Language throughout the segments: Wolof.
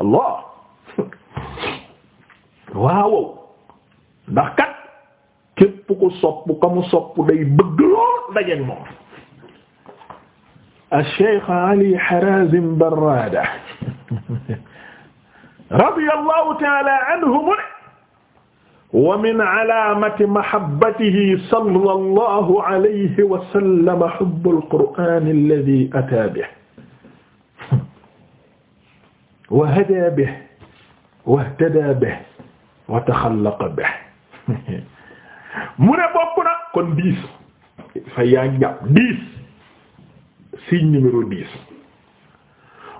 allah waaw ndax kat képp ku sopp ka mu sopp day bëgg lool dajeek moom ash-shaykh ali harazim barrada radiyallahu ta'ala anhu mu ne wa min alaamati mahabbatihi sallallahu alayhi wa sallam hubbul qur'an alladhi ataa bihi wa hadaa bihi wahtadaa bihi wa taxallaqa bihi mu ne bokk na kon dix fa yaa ngi jàpp dix signe numéro dix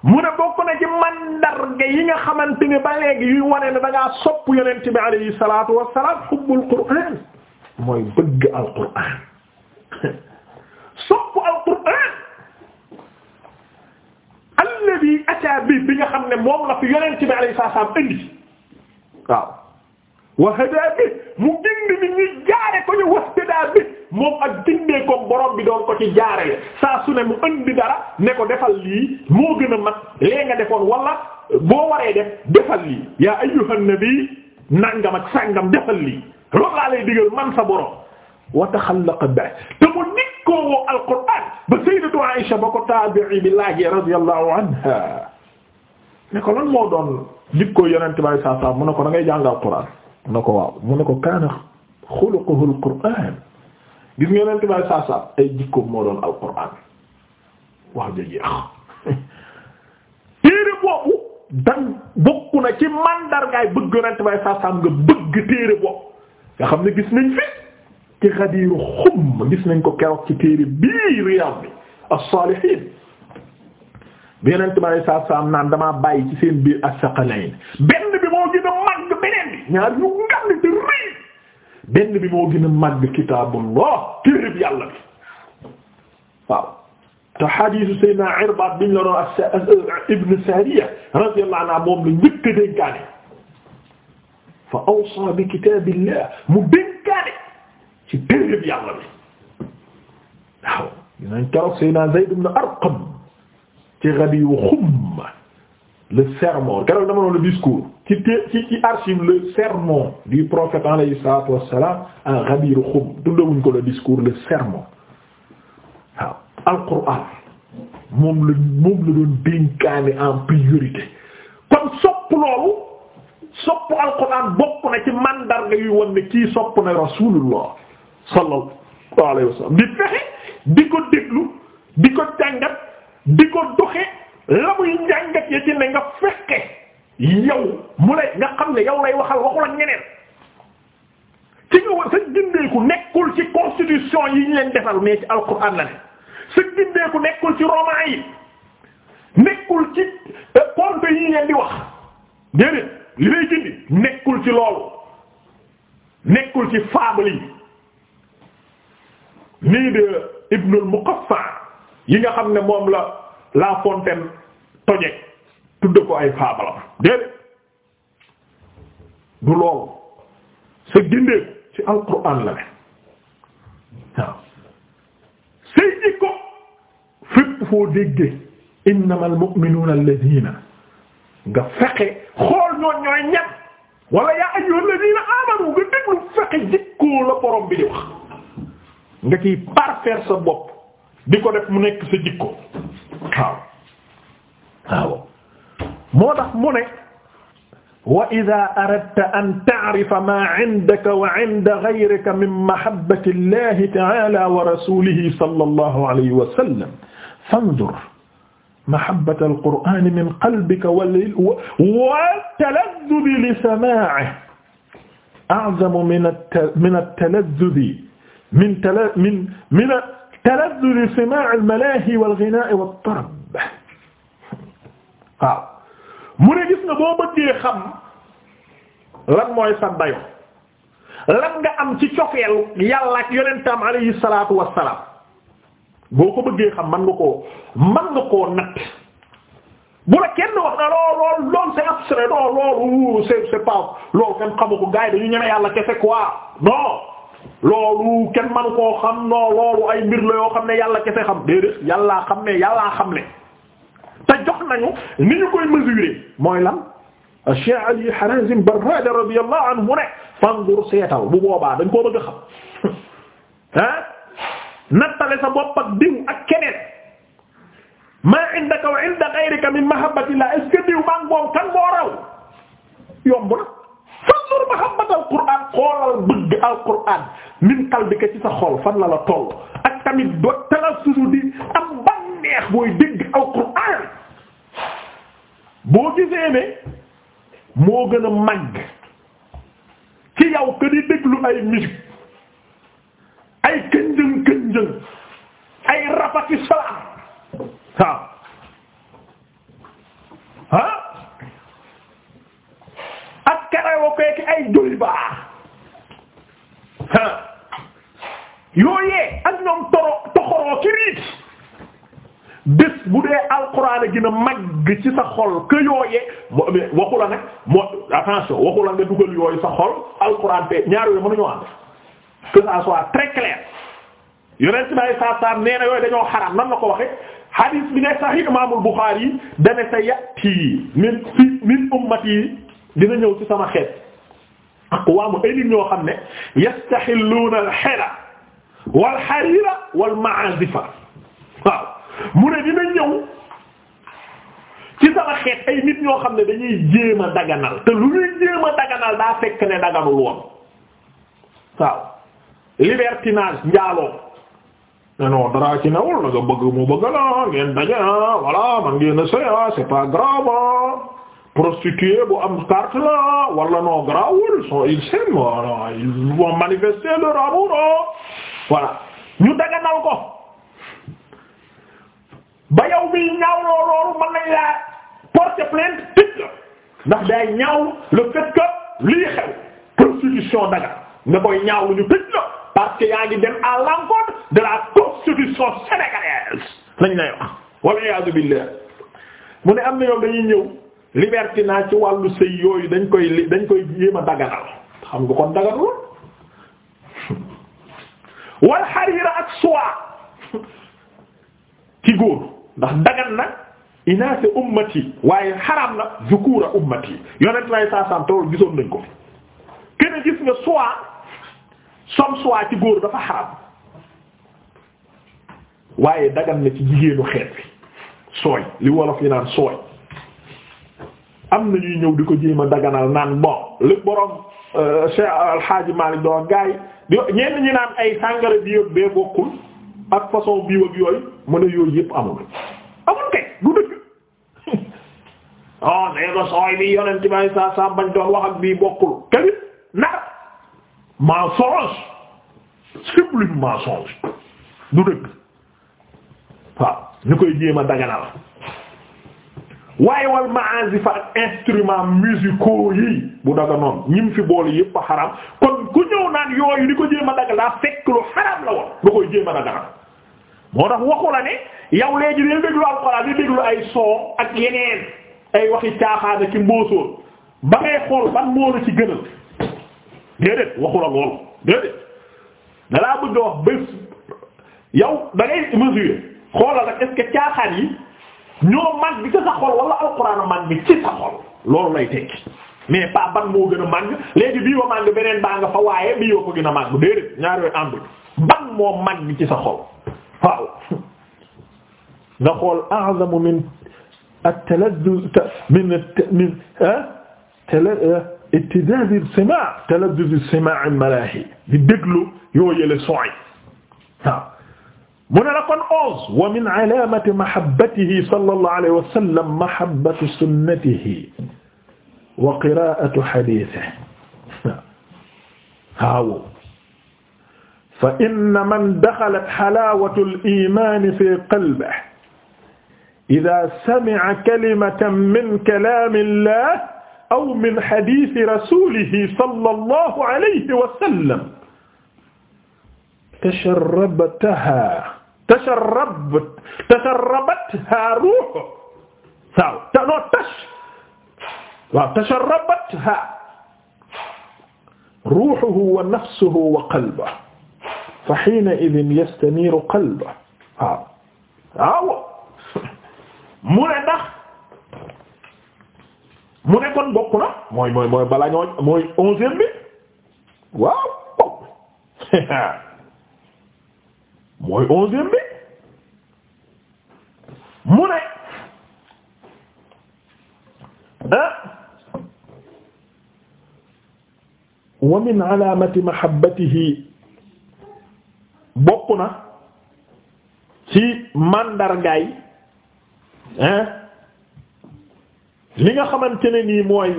mu ne bokk na ci mandarga yi nga xamante ni ba léegi yuy wane ne da ngaa sopp yonent bi alayhi salaatu wa salaam xubbul qur'aan mooy bëgg al qur'aan sopp al asaabiib bi bi nga xam ne moom la fi yonent bi alayhi salaam indi waaw wa bi mu gindi nit ñi jaare ko ñu wahtadaa bi moom ak gindee ko borom bi doon ko ci jaarale saa su ne mu indi dara ne ko defal lii moo gën a mat lee nga defoon wala boo waree def defal lii yaa ayyuhan nabi nangam ak sàngam defal lii loolu laa lay digal man sa borom wa taxallaqa te mu jikkoowoo alquran ba sayyidatu Aisha ba ko taabi'i bi laajee radiyallahu anha ne ko lan moo doon jikkoo yonent bi sallallahu mu ne ko dangay ngay jàng alquran mu ne ko waaw mu ne ko kaana xuluquhu alquran gis nga yonent bi ay jikkoom moo doon alquran wax ja jeex téere boobu dan bokk na ci mandargaay bëgg yonent bi nga bëgg téere boobu nga xam ne gis nañ fi ci xadiiru xum gis nañ ko keroog ci téere bii Riyad bi as-Salihin bi yeneen tubaab yi saa saa naan damaa bàyyi ci seen biir as-saqalayn benn bi moo gën a màgg beneen bi ñaar ñu ngand te rëy benn bi moo gën a màgg kitaabullah téere bi yàlla bi waaw. te hadiisu Seydina Irbaad biñ la doon ak Ibn Sariya radiyallahu anhu moom la njëkk a dénkaane fa awsaa bi kitaabillah mu dénkaane. ci téeréb yàlla bi waaw dinañ keroog Seydina Zayd ibn Arqam ci Ghadi Khoum le sermon keroog dama noonu discours ci té ci ci archive le sermon du prophète alayhi salatu wassalam à Ghadi Khoum tuddawuñ ko le discours le sermon waaw al-Qur'an moom la moom la doon dénkaane en priorité kon sopp loolu sopp al-Qur'an bokk na ci mandarga yu won ne kii sopp na Rasulullah sallallahu alayhi wa di fexe ko déglu di ko yow mu lay nga xam ne yow lay waxal waxul ak ñeneen ci nga sa gindeeku nekkul ci constitution yi ñu leen defal mais ci alquran la ne sa gindeeku nekkul ci roman yi nekkul ci euh, conte yi ñu leen di wax déedéet li lay gindi nekkul ci loolu nekkul ci fable yi nii de Ibnul Muqaffa yi nga xam ne moom la La Fontaine toje tudd ko ay faabalam déedéet du loolu sa gindee ci alquran la ne say jikko fépp foo déggee innamal mu'minuuna alladhiina nga fexe xool ñoon ñooy ñett wala yaa ayyuhal ladhiina aamanu nga déglu fexe jikkoo la borom bi di wax nga ciy parfaire sa bopp di ko def mu nekk sa jikko waaw waaw moo tax mu ne wa ida aradta an tacrifa maa cindaka wa cinda gayrika min mahabbati llahi taala wa rasulihi sallallahu alayhi wa sallam fanzur mahabbata alqur'ani min qalbika wa taladduzi li samaacihi aczamu min at-taladduzi min tala min min talazzuz istima' al-malahi wal-ghina' mu ne gis boo bëggee xam lan mooy sa dayo lan nga am ci cofeel yàlla ak yonentam alayhi salaatu wassalaam boo ko bëggee xam man nga koo man nga koo natt bu la kenn wax na lool lool lool c'est abstrait non loolu c'est c'est dañu ñeme yàlla kese quoi non loolu kenn man koo xam non loolu ay mbir la yoo xam ne yàlla kese xam déedéet yàllaa xam ne yàllaa xam ne te nañu ni koy mesurer mooy lan Cheikh Ali Harazim Barrada radiyallahu anhu mu ne fangur seetal bu boobaa dañ koo bëgg a xam ah nattale sa bopp diw ak keneen maa indaka wa inda min mahabbatillah est-ce que diw kan boo raw anzur mahabbat al qur'an xoolal bëgg al qur'an min qalbika ci sa xol fan la la toll ak tamit do tanassudu di am ban neex booy dégg al qur'an boo gisee ne gën a màgg ci yow que di déglu ay musique ay kënjëng kënjëng ay rafati salaam waaw gën a màgg ci sa xol que yooyee waxu la nag moo attention waxu nga dugal yooyu sa xol alxuraan te ñaar yooyu mënuñoo ànd que ça soit très clair yonent bi yooyu dañoo xaraam nan la ko waxee hadis bi ne sahih imaamul Buxaari yi dana sa yàtti min fi min ummati yi dina ñëw ci sama xeet aqwaamu ay ñoo xam ne yastaxilluuna al-hila wal-hariira wal-ma'aazifa waaw mu ne dina ñëw. ci sama xeet ñoo xam ne dañuy jéem a daganal te lu ñuy jéem a daganal daa fekk ne daganul woon waaw libertinage njaaloo non dara ci newul la nga bëgg mu bëgg la ngeen daje ah man ngeen a sëy ah c'est pas grave ah. prostituée bu am carte la ah. wala non grawul so ils s'aiment ah, manifester leur amour voilà ñu daganal ko ba yow mi ñaaw loolu mën nañ laa porter plainte tëj la ndax day ñaaw le fait que xew prostitution daga nga koy ñaaw tëj la parce que yaa ngi dem à l'encontre de la constitution sénégalaise lañ lay wax walla iyaadu billah mu ne am na yoon dañuy ñëw liberté naa ci wàllu sëy yooyu dañ koy dañ koy jéem a daganal xam nga kon daganul wal xariira ak soie ci góor ndax dagan na inaase ummati waaye xaraam na zukura ummati yonent lay saasaam te loolu gisoon ko kenn gis nga soie som soie ci góor dafa xaraam waaye dagan na ci jigéenu xeet bi sooy li wolof yi naan sooy am na ñuy ñëw di ko jéem a daganal naan bon li borom euh, Cheikh Alhaji Malick doon gaay di ñenn ñi naan ay sàngara bi yëpp bee bokkul ak façon bii ak yooyu mën a yooyu yëpp amul. oh nee na sooy bi yonent bi saa saa bañ doon wax ak bii bokkul këri nar mensonge sublime mensonge du dëgg waaw koy jéem a daganal waaye wal maazif ak instruments musicaux yi bu daga noonu fi bool yépp a xaram kon ku ñëw naan yooyu di ko jéem a daga daa fekk lu xaram la woon nga koy jéem a daganal moo tax waxu la ne yow léegi dee déglu alxuraan di déglu ay son ak yeneen ay waxi caaxaana ki mbóosóor ba ngay xool ban moo la ci gënal déedéet waxu la lool déedéet dalaa bëgg a wax bés yow da ngay mesurer xoolal caaxaan yi ñoo màgg bi ci sa xol wala alxuraan màgg bi ci sa xol loolu lay tekki mais pas ban moo gën a màgg léegi bii wa màgg beneen baa nga fa waaye bii yoo ko gën a màgg déedéet ñaar yooyu ànd ban moo màgg bi ci sa xol nga xool a'zamu min at-talazzuz min min ittidaaz as-simaa' talazzuz as-simaa' al-malaahi di déglu yoo yële son yi waaw mu ne la kon onze wa min alaamati mahabbatihi sallallahu alayhi wa sallam mahabbatu sunnatihi wa qiraa'atu hadiithihi waaw fa inna man daxalat halaawatu al-iimaan fii qalbihi ida sami'a kalimatan min kalaamillah aw min hadiisi rasuulihi sallallahu alayhi wa sallam tasharrabatahaa tasharrabat tasharrabathaa ruuhu waaw tanoo tash waaw tasharrabathaa ruuhuhu wa nafsuhu wa qalbuhu fa hiinaidhin yastaniiru qalbuhu waaw waaw mu ne ndax mu ne kon bokk na mooy mooy mooy bala ñoo mooy bi waaw bokk mooy onzième bi mu ne ah, wa min alaamati mahabbatihi bokk na ci màndargaay hein li nga xamante ne nii mooy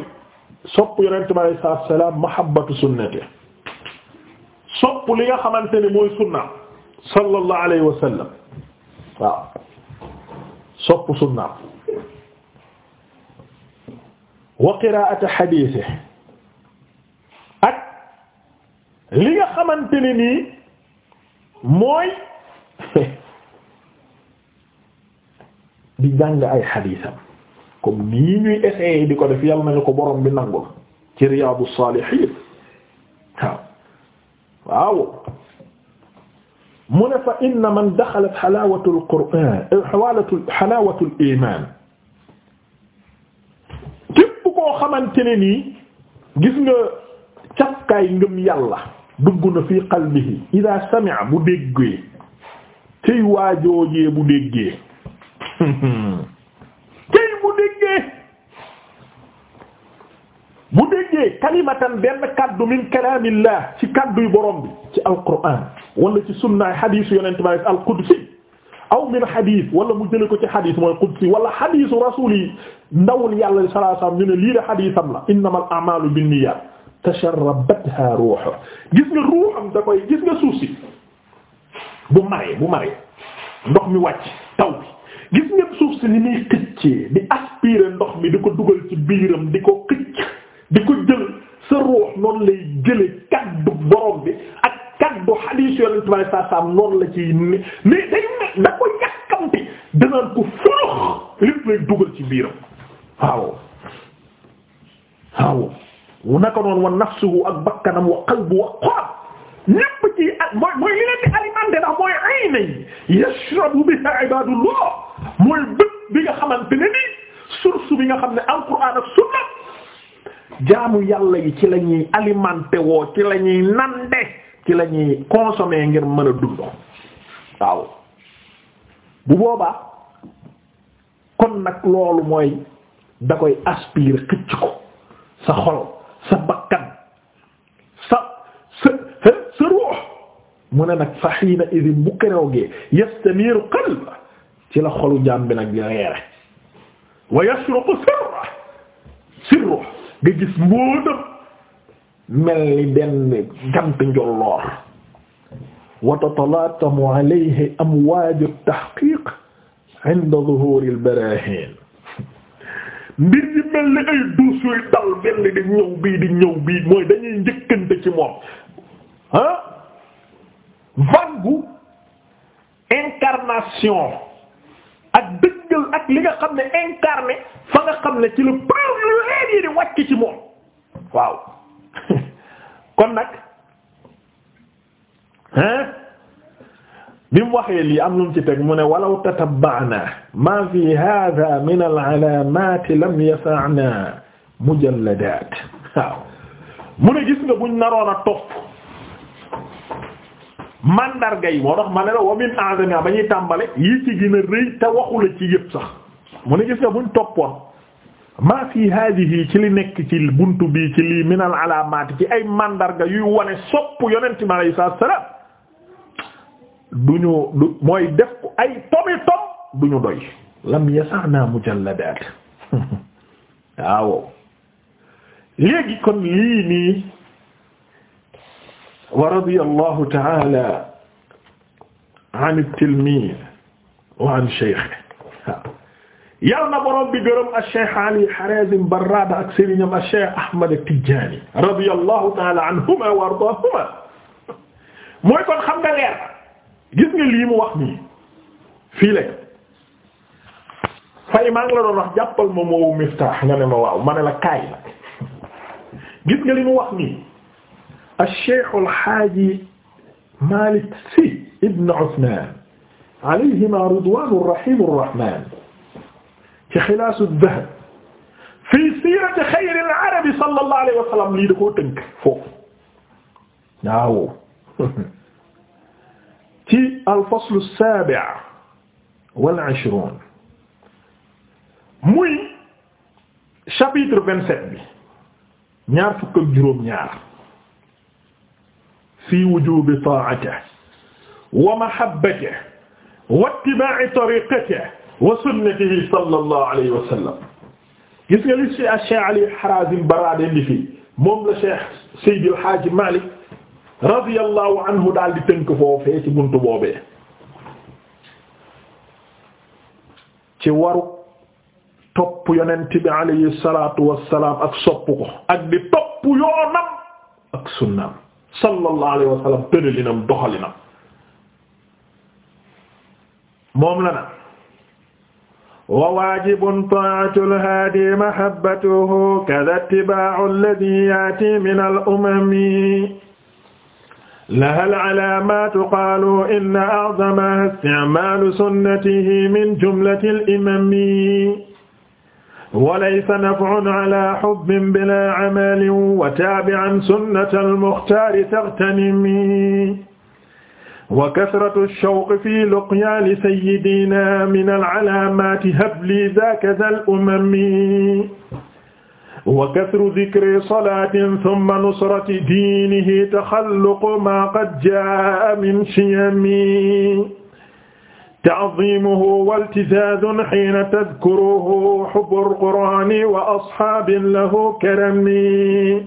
sopp yonent bi alayhi salaatu salaam mahabbatu sunnati sopp li nga xamante ne mooy sunna sallallahu alayhi wa sallam waaw sopp sunna wa qiraa'ati hadiisi ak li nga xamante ne nii mooy di jàng ay xadiisam comme nii ñuy essayer di ko def yàlla nañu ko borom bi nangul ci Riyadu Saalihiin waaw waaw mu ne fa inna man daxalat xalaawatul qur'aan xalaawatul iimaan képp koo xamante ne nii gis nga cafkaay ngëm yàlla dugg na fii qalbihi idaa sami'a bu déggee tey waajoojee bu déggee. kay bu déggee bu déggee kalimatan benn kaddu min kalaamillah ci kadduy borom bi ci alquran wala ci sunnaay xadiisu yonente bi alqudsi aw min xadiis wala mu jële ko ci xadiis mooy qudsi wala xadiisu rasuul yi ndawul yàlla sallallahu alayhi wasallam ñu ne lii de xadiisam la innamal a'maalu binniyaat tasharrabatha ruuhu gis nga bu maree bu maree ndox mi wàcc taw gis ngeen suuf si ni muy xëccee di ndox mi di ko dugal ci biiram di ko xëcc di ko jël sa ruux noonu lay jële kaddu borom bi ak kaddu hadith yonent bi saa saa noonu la ci ne mais day ne danaan ko furux lépp lay dugal ci biiram waaw waaw wu naka noonu wa nafsuhu ak bakkanam wa qalbu wa qalb ñépp ci mooy mooy li leen di alimenter ndax mooy ayna yashrabu biha ibadullah mooy bët bi nga xamante ne nii source bi nga xam ne alquran ak sunna jaamu yàlla yi ci la ñuy alimenté woo ci la ñuy nande ci la ñuy consommer ngir mën a dund waaw bu boobaa kon nag loolu mooy da koy aspiré xëcc ko sa xol sa bakkan sa sa ruux mu ne nag fa xiina idin bu kerew gee yastamiru ci la xolu jaam bi nag di reere wa yasruqu sirra sirru nga gis mbóotam mel ni benn jant njolloor wa tatalaatamu alayhi amwaaju tahqiq inda zuhuri albarahin mbir yi mel ni ay duus yuy dal benn di ñëw bii di ñëw bii mooy dañuy njëkkante ci moom ah vangu incarnation ak dëggal li nga xam ne incarné fa nga xam ne ci lu première yi di wàcc ci moom waaw kon nag hein bi mu waxee lii am lu ci teg mu ne walaw tatabba'na ma fi hadha min al lam yasa'na mu ne gis nga buñ naroon a topp mandarga yi moo tax ma ne la wa min a'zami ba ñuy tàmbale yi ci gën rëy te waxu la ci yëpp sax mu ne gis nga buñ toppoon maa fi hadihi ci li nekk ci bunt bi ci lii minal alaamaati ci ay mandarga yuy wane sopp yonent mi alayhi salaatu salaam du ñu du mooy def ko ay tomi tom du doy lam yasana mujalladaat waaw léegi kon lii nii wa radiyallahu ta'ala an at-tilmiid wa an shaykhihi yal na borom bi gërëm ash-shaykh Ali Harazim Barrada ak sëriñam ash-shaykh Ahmad at-Tijaani radiyallahu ta'ala anhuma wa ardaahuma mooy kon xam nga leer gis nga lii mu wax nii fii la fay maa ngi la doon wax jàppal ma moo Miftah nga ne ma waaw ma ne la kaay la gis nga li mu wax nii. ash-Shaykh al-Haaji Maalik Sy ibn Usmaan alayhimaa ridwaanu rahiim ar-Rahmaan ci Xilaasu Dahab fii siirati xayri al-arab sallallahu alayhi wa sallam lii da koo tënk foofu waaw ci al-faslu as-saabi' wal-ishruun muy chapitre vingt-sept bi ñaar fukk ak juróom-ñaar fi wujubi ta'atihi wa mahabbatihi wa ittiba'i tariqatihi wa sunnatihi sallallahu alayhi wa sallam gis nga li Cheikh Ali Harazim Barade li fi moom la Cheikh Seydi El Hadji Malick radiyallahu anhu daal di tënk foofee ci buntu boobee ci waru topp yonent bi alayhi salaatu wassalaam ak sopp ko ak di topp yoonam ak sunnaam sallallahu alayhi wa sallam tëralinam doxalinam moom la na wa waajibun ta'atul haadi mahabbatuhu kadha ittiba'u alladhi ya'ti min al-umami laha al-'alamatu qalu inna a'zamaha isti'malu sunnatihi min jumlati al-imami walaysa naf'un ala hubbin bila amalin wa taabi'an sunnatal muxtaari taghtanimi wa kasratu shawqi fi luqyaani sayyidina minal alaamaati habli zaaka zal umami wa kasru zikri salaatin summa nusrati diinihi taxalluqu maa qad jaa'a min shiyami تعظيمه والتذاذ حين تذكره حب القرآن وأصحاب له كرمي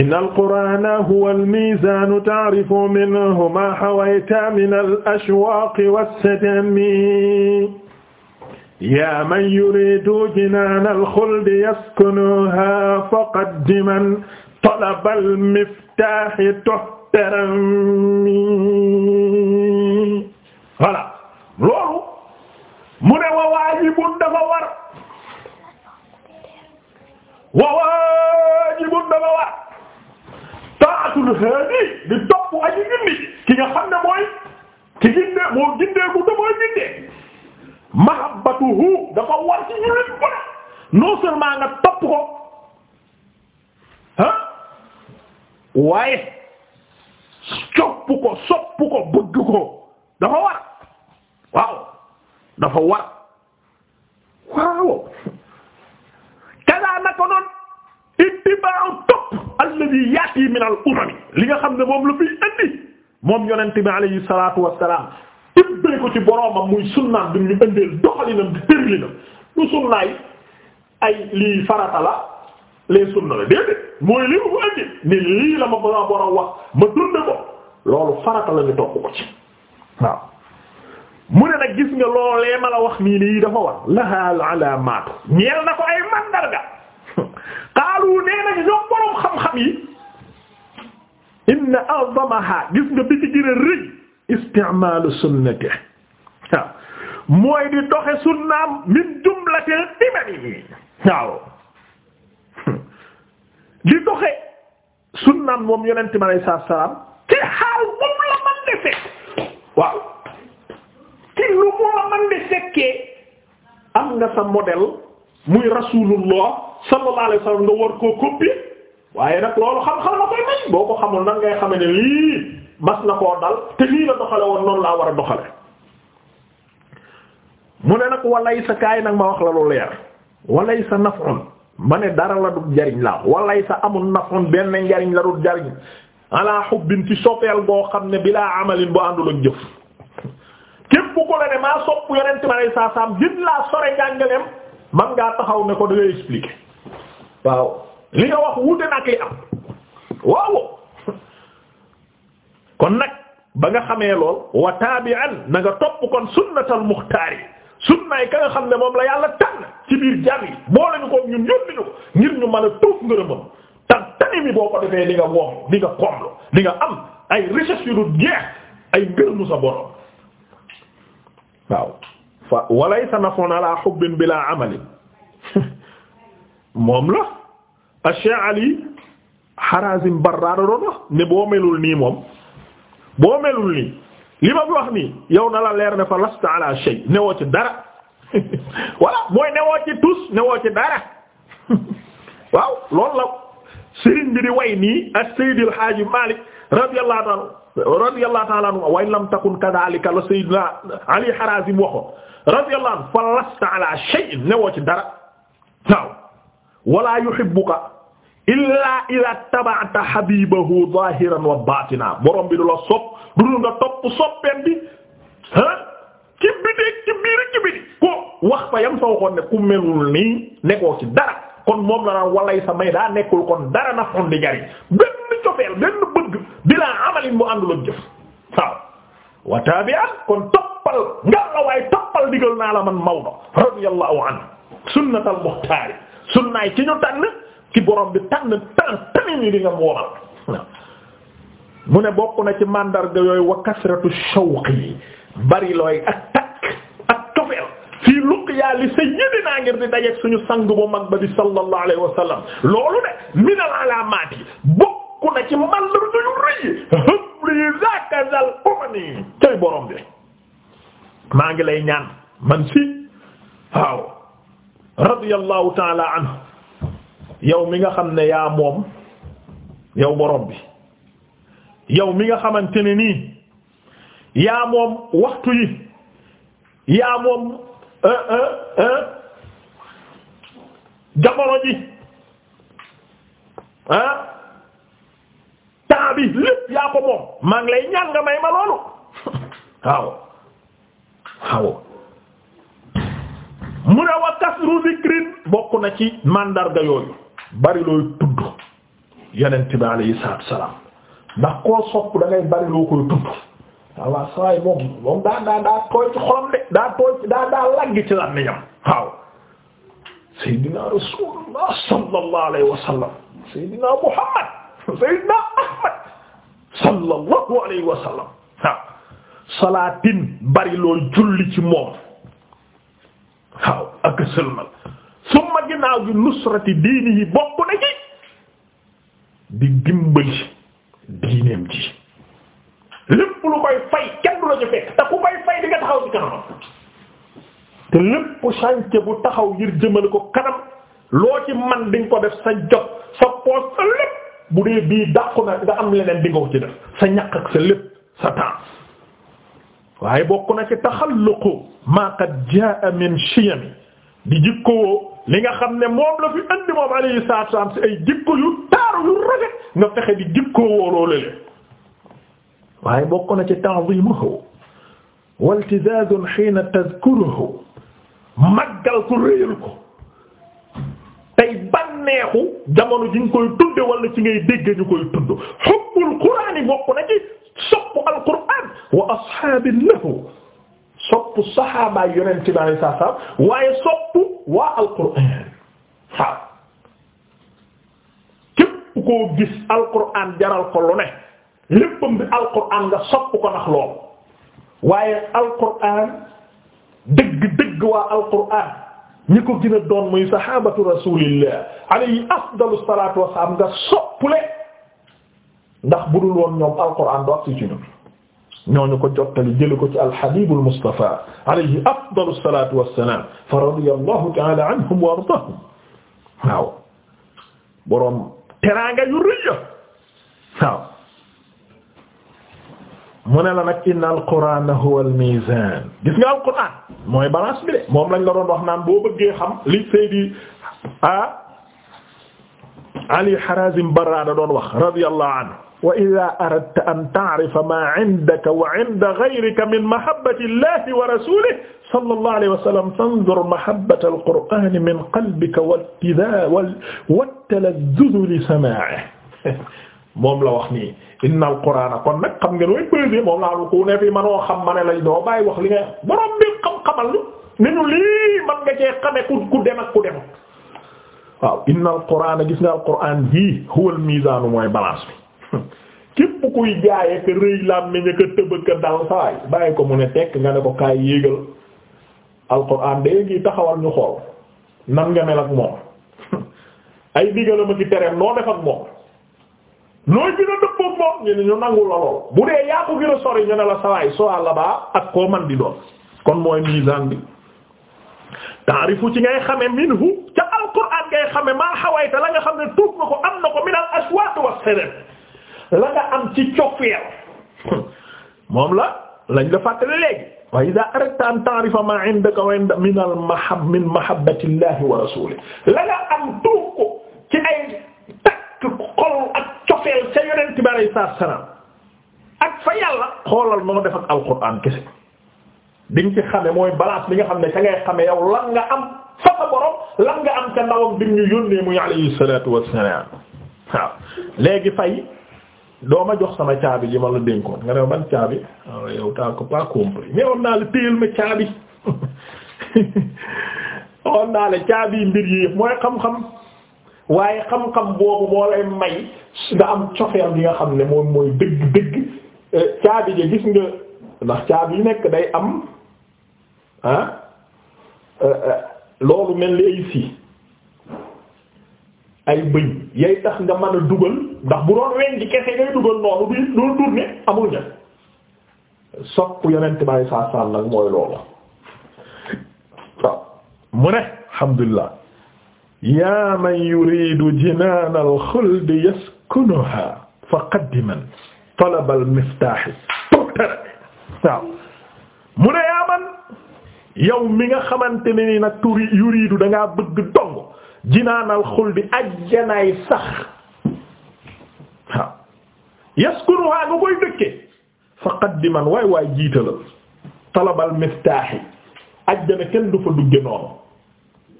إن القرآن هو الميزان تعرف منه ما حويت من الأشواق والستم يا من يريد جنان الخلد يسكنها فقدما طلب المفتاح تحترم voilà loolu mu ne wa dafa war wa dafa war taatul haadi di topp aji gindi ki nga xam ne mooy ki ginde moo gindee bu damooy gindee mahabbatuhu dafa war ci jullit bu ne non seulement nga topp ko ah waaye sopp ko sopp ko bëgg ko dafa war waaw dafa war waaw kaza naka noon ittiba'u topp alladhi yati min al umam li nga xam ne moom la fiy indi moom yonent bi alayhi salatu wassalam tibbee ko ci boroomam muy sunnaam bi ñu indeel doxalinam di tërlinam lu sunnaay ay lii farata la les sunna la déedéet mooy li mu indi ni lii la ma ko borom wax ma dund ko loolu farata la ñu topp ko ci waaw mu ne nag gis nga loolee ma la wax nii nii dafa war lahaal alaamaatu ñeel na ko ay mandarga xaalu nee nag ñoom boroom xam-xam yi inna a'zamaha gis nga bi ci gën a rëy isticmaalu sunnati waaw mooy di doxe sunnaam min jumlatil imani waaw di doxe sunnaam moom yonente mi alayhi salaam ci xaal moom la man defe waaw ci lu moo man de fekkee am nga sa modèle muy rasulullah sallallahu alayhi wasallam nga war koo copier waaye nag loolu xam-xam la koy may boo ko xamul nan ngay xame ne lii mas na koo dal te lii la doxale woon noonu laa war a doxale mu ne nag walay sa kaay nag ma wax la lu leer walay sa naf'un ma ne dara la du jariñ laa walay sa amul naf'un benn njariñ la du jariñ ala hubbin ci sopeel boo xam ne bilaa amalin boo àndul ak jëf képp ko la ne maa sopp yonent ma lay saa saam laa sore jàngaleem man ngaa taxaw ne ko da ngay expliquer waaw li nga wax wuute nag li am waaw kon nag ba nga xamee lool wa tabi'an na nga topp kon sunnatal muxtaar yi sunnaay ka nga xam ne moom la yàlla tànn ci biir jar yi boole ñu ko ñun yónni ñu ngir ñu mën a tuuf ngërëmam pandémie boo ko defee di nga woom di nga koomlu di nga am ay richesse yu dul jeex ay ngërëmu sa borom waaw fa walaysa nafon ala hubbin bila amalin moom la Cheikh Ali Harazim Barrar ne boo melul nii moom boo melul nii li ma bi wax nii yow na la leer ne fa lasta ala shay newoo ci dara voilà mooy ci dara waaw loolu la sëriñ bi di way nii ak Seydil Haaji Malik radiyallahu ta'ala radiyallahu ta'ala anhu wa in lam takun kadhalika la Seydina Ali Harazim waxo radiyallahu anhu fa lasta ala shay'in newoo ci dara waaw wala yuhibbuka illa idha taba'ta habibahu zahiran wa batina borom bi du la sopp du nga topp soppeem bi ci biir ci biir ko wax fa yam sa waxoon ne ku melul nii nekoo ci dara kon moom la naan walay sa may daa nekkul kon dara na xon di jariñ benn cofeel benn bëgg bila amalin mu àndul ak jëf waaw kon toppal nga la toppal digal naa la man Maodo radiyallahu anhu sunnatal ci ñu tànn ci borom bi tànn tànn tànn ni di nga moomal waaw mu ne bokk na ci mandarga yooyu wa kasratu shawqi bari looy ak ala li sayyidina ngir di dajeek suñu sang bu mag ba di sallallahu alayhi wa loolu de min al alaamaat yi bokk na ci man la duñu rëy habli zakazal umani tey borom bi maa ngi lay ñaan man si waaw radiyallahu taala anhu yow mi nga xam ne yaa moom yow borom bi yow mi nga xamante ne nii yaa moom waxtu yi yaa moom Euh, euh, euh. jamono ji ah temps bi lépp yaa ko moom maa lay ñaan may ma loolu waaw waaw mu ne wa kasru zikrin bokk na ci màndarga yooyu bari looy tudd yonent bi alayhi salaatu wa salaam ndax koo sopp da bari loo koy tudd waaw sawaay moom moom daa daa ci xolam salaatin bari loo moom waaw ak sëlmal summa ginnaaw gi nusrati diini yi bokk di dimbali diineem ji lépp lu koy fay kenn du la ci fekk te ku koy fay di nga taxaw ci kanam te lépp chantier bu taxaw ngir jëmale ko kanam loo ci man di ko def sa jot sa poos sa lépp bu dee bii dàqu nga am leneen di nga ko ci def sa ñaq sa lépp sa temps waaye bokk na ci taxalluqu ma qad jaa min shiyami di jikkoo li nga xam ne moom la fi andi moom alayhi salaatu wa salaam ay jikko yu taaru yu rafet nga fexe di jikkoo woo loolu waaye bokk na ci ta'zimuhu waltizazun hina tadhkuruhu màggal ko réyal ko tey banneexu jamono ji nga koy tudde wala ci ngay dégg ñu koy tudd hubbul qur'ani bokk na ci sopp alquran wa ashaabin lahu sopp sahaaba yonente bi alayhi salaam waaye sopp waa alquran waaw képp koo gis alquran jaral ko lu ne léppam bi alquran nga sopp ko ndax loolu waaye alquran dëgg-dëgg waa alquran ñi ko gën a doon muy sahabatu rasulillah alayhi afdalu salatu wasalaam nga soppule ndax budul woon ñoom alquran do ak si ci ñun ñooñu ko jottali jëli ko ci alhabibul mustafa alayhi afdalu salatu wassalam fa radiyallahu ta'ala anhum wa ardahum waaw boroom teraanga yu rëy mu ne la nag inna alquran huwa almizan gis nga alquran mooy balance bi de moom lañ la doon wax naan boo bëggee xam li Seydi ah Ali Harazim Barrada doon wax radiyallahu anhu wa idha aradta an ta'rifa ma 'indaka wa 'inda ghayrika min mahabbati llahi wa rasulihi sallallahu alayhi wa sallam fanzur mahabbata alqur'ani min qalbika wattidha wa talazzuz li sama'ihi moom la wax nii inna al qur'ana kon nag xam ngeen way pesé moom laa lu ku fi manoo xam ma ne lay doo bàyyi wax li nga borom bi xam-xamal ni ñu lii man nga cee xame ku ku dem ak ku dem waaw inna al qur'ana gis nga al qur'an jii huwa al mizan mooy balance bi képp kuy jaaye te rëy làmmiñ ak tëbëk a dal saay bàyyi ko mu ne tekk nga ne ko kaay yéegal al qur'an day ngi taxawal ñu xool nan nga mel moom ay digalam ak tereem noo def moom nooy gën a dëppook moom ñu ne ñu nangu la lool bu dee yaa ko gën a sori ne la sawaay so àlla baa ak koo doon kon mooy misaan bi taarifu ci ngay xame minhu ca alquran ngay xame maa xawayta la nga xam ne tuub na ko am na ko min al aswaat wa seret la nga am ci cofeel moom la lañ la fàttale léegi wa ida aradta an ta'rifa ko ci ay takk xol ak cofeel ca yonent bi alayhi salaatu salaam ak fa yàlla xoolal noo def ak alquran kese di nga ci xame mooy balance bi nga xam ne ca ngay xame yow lan nga am fa sa borom lan nga am ca ndawam bi ñu yónnee muy alayhi salaatu wassalaam waaw léegi fay doo ma jox sama caabi ji ma la dénkoon nga ne ma ban caabi waaw ah, yow ko pas compris mais woon naa la téyel ma caabi woon naa la caabi mbir yi mooy xam-xam. waaye xam-xam boobu moo lay may nga am cofeel bi nga xam ne moom mooy dëgg dëgg eh, caabi ja gis nga ndax caabi yu nekk day am ah eh, eh, loolu mel ni ay si ay bëñ yay tax nga mën a dugal ndax bu doon weñ ci kese ngay dugal noonu du loolu tourné amul ña sopp yonent baay saa saa nag mooy loolu waaw mu ne alhamdulillah yaa man yuridu jinaan alxuldi yaskunuha faqaddiman talaba almiftaaxi toogtare waaw mu ne yaa man yow mi nga xamante ne ni nag turi yuridu da ngaa bëgg dong jinaan alxuldi ajjanaay sax waaw yaskunuha nga koy dëkkee faqaddiman waay waay jiitalal talaba almiftaaxi ajjana kenn du fa dugge noonu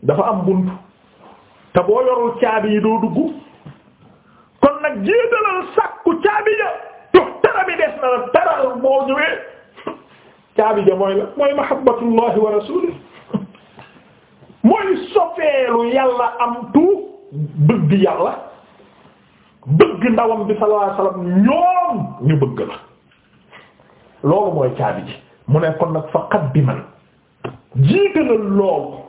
dafa am buntu te boo yorul caabi yi doo dugg kon nag jiitalal sàkku caabi ja tux tara bi des na la taral boo ñëwee caabi ja mooy la mooy mahabbatullahi wa rasulihi mooy soppeelu yàlla am tuut bëgg yàlla bëgg ndawam bi sallallahu alayhi wasallam ñoom ñu bëgg la loolu mooy caabi ji mu ne kon nag fa qaddiman jiitalal loolu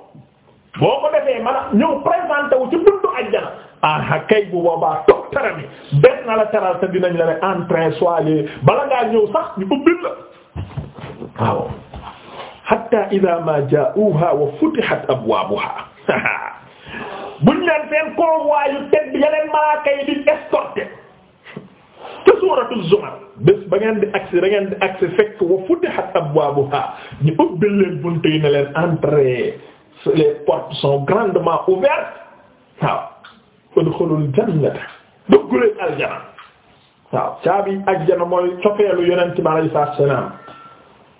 boo ko defee man a ñëw présenté wu ci buntu ajjana ah kay bu boobaa toog tara mi bes na la teral te dinañ la ne entrain soilé bala ngaa ñëw sax ñu ubbil la waaw hatta idha ma ja'uha wa futihat abwabuha buñ leen seen convoi yu tedd bi yeneen malaaka yi di escorté te suuratul zumar bés ba ngeen di agsi da ngeen di agsi fekk wa futihat abwabuha ñu ubbil leen buntu yi ne leen entrée les portes sont grandement ouvertes waaw udxulul jannata dugguleen aljana waaw caabi aljana mooy cofeelu yonentam alayhi salaatu wa salaam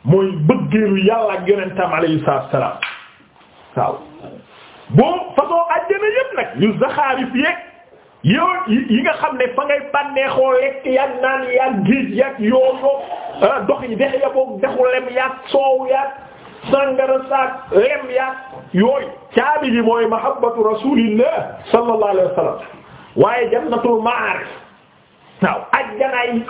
mooy bëggeelu yàlla ak yonentam alayhi salaatu wa salaam waaw boo façon aljana yépp nag yu zaxaari fi yeeg yow yi nga xam ne fa ngay bànneexoo lekk yaag naan yaag géej yaag yoo yoo ah, dox ya boog dexu lem yaag soow yaag sangara saak lem yaak yooyu caabi ji mooy mahabbatu rasulillah sallallahu alayhi wa sallam waaye jannatul ma'arif waaw ajjanaay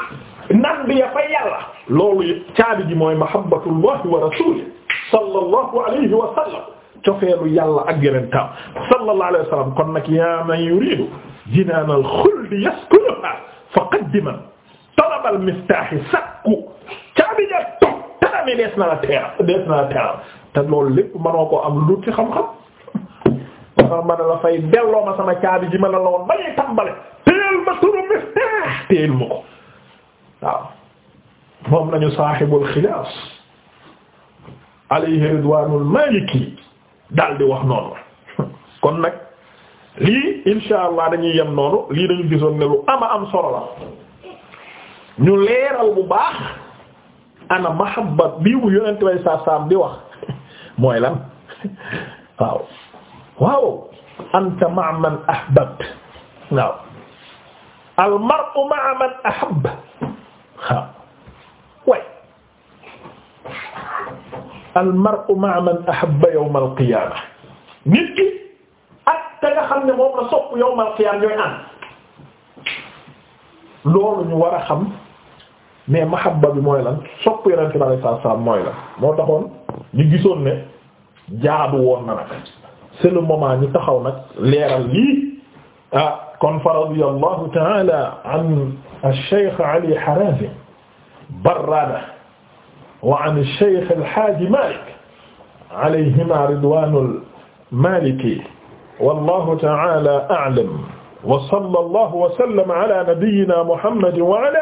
nan bi ya fa yàlla loolu caabi ji mooy mahabbatullah wa rasulih sallallahu alayhi wa sallam cofeelu yàlla ak yeneen taam sallallahu alayhi wa sallam kon nag yaa man yuridu jinaanal xuldi yaskunuha faqaddima talabal miftaahi sakku caabi ja ne dees na la teera dees na la teera te loolu lépp mënoo koo am lu dul ci xam-xam wax ma ne la fay ma sama caabi ji ma la woon ba ñuy tàmbale téyel ma turu Miftaah téyel ma ko waaw moom lañu saaxibul xilaas alayhi ridwaanul maaliki daal di wax noonu kon nag lii insha allah dañuy yem noonu lii dañu gisoon ne lu ama am solo la ñu leeral bu baax ana mahabba bii bu yonent way sa saam di wax mooy lan waaw waaw anta ma'a man ahbabt waaw al mar'u ma'a man ahabba waaw way al mar'u ma'a man ahabba yawm al qiyamah nit ki ak te nga xam ne moom la sopp yawm al qiyamah ñooy ànd loolu ñu war a xam mais mahabba bi mooy lan sopp yonent bi sallallahu alayhi wasallam mooy lan moo taxoon ñu gisoon ne jaadu woon na nag c'est le moment ñu taxaw nag leeral lii ah kon fa radiyallahu ta'ala an ash-shaykh Ali Harazim Barrada wa an ash-shaykh al-Haaji Malik alayhima ridwanul maliki wallahu ta'ala a'lam wa sallallahu wa sallama ala nabiyyina Muhammad wa ala